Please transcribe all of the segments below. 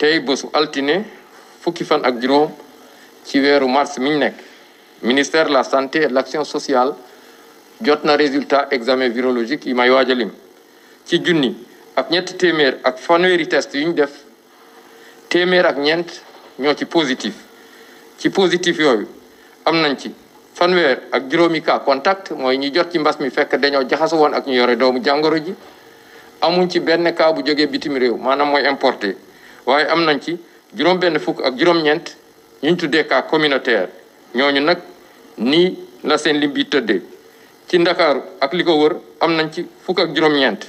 tey bosu altine fukki fan ak juróom ci weeru mars miñ nekk ministère la santé et l'action sociale jot na résultat examen virologique yi may waaj ci junni ak ñett téeméer ak fanweeri test yu ñu def téeméer ak ñeent ñoo ci positif ci positif yooyu am nañ ci fanweer ak juróomi cas contact mooy ñi jot ci mbas mi fekk dañoo jaxasu woon ak ñu yore doomu jàngoro ji amuñ ci benn cas bu jógee bitim réew maanaam mooy importé waaye am nañ ci juróom-benn fukk ak juróom-ñeent ñu ñu tuddee cas communautaire ñooñu nag nii la seen lim bi tëddee ci ndakaaru ak li wër am nañ ci fukk ak juróom-ñeent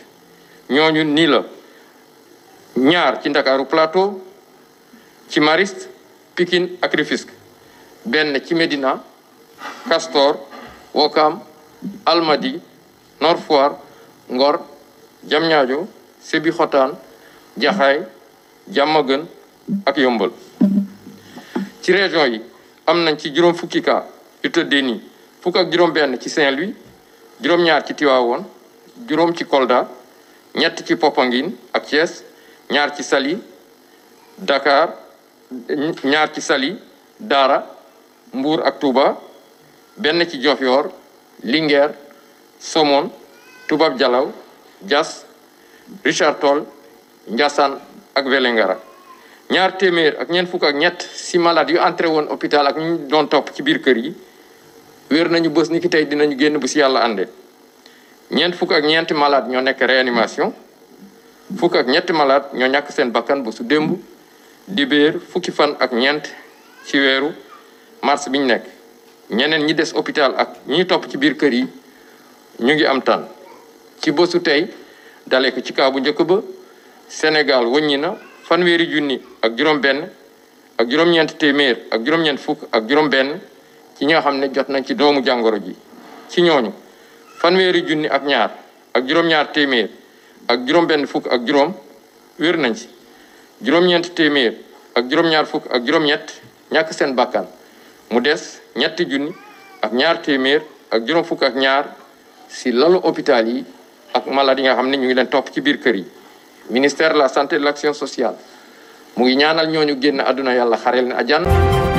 ñooñu nii la ñaar ci ndakaaru plateau ci Mariste Pikine ak Rufisque benn ci Médina Castor Wokam Almadi Nord ngor Ngor Diamniadio Sébikotane Jaxaay Diamaguène ak Yeumbeul ci région yi am nañ ci juróom fukki cas yu tëddee nii fukk ak juróom benn ci Saint-Louis juróom-ñaar ci Tivaouane juróom ci Kolda ñett ci Popenguine ak Thiès ñaar ci sali Dakar ñaar ci Saly Daara mbuur ak Touba benn ci Diofior Linguère Somone Toubab Dialaw Diass Richard Toll Ndiassane ak Vélingara ñaar téeméer ak ñeent fukk ak ñett si malade yu entré woon hôpital ak ñu doon topp ci biir kër yi wér nañu bës ni ki tey dinañu génn bu si yàlla àndee ñeent fukk ak ñeenti malade ñoo nekk réanimation fukk ak ñetti malade ñoo ñàkk seen bakkan bu su démb dibéer fukki fan ak ñeent ci weeru mars bi ñu nekk ñeneen ñi des hôpital ak ñi topp ci biir kër yi ñu ngi am tànn ci bësu tey dalek ci kaw bu njëkk ba Sénégal wëññi na fanweeri junni ak juróom-benn ak juróom-ñeent téeméer ak juróom-ñeent fukk ak juróom-benn ci ñi xam ne jot nañ ci doomu jàngoro ji ci ñooñu fanweeri junni ak ñaar ak juróom-ñaar téeméer ak juróom-benn fukk ak juróom wér nañ ci juróom-ñeent téeméer ak juróom-ñaar fukk ak juróom-ñett ñàkk seen bakkan mu des ñetti junni ak ñaar téeméer ak juróom fukk ak ñaar si lalu hôpital yi ak malade yi nga xam ne ñu ngi leen topp ci biir kër yi. ministère de la santé de l'action sociale mu ngi ñaanal ñooñu génn àdduna yàlla xareel na àjjana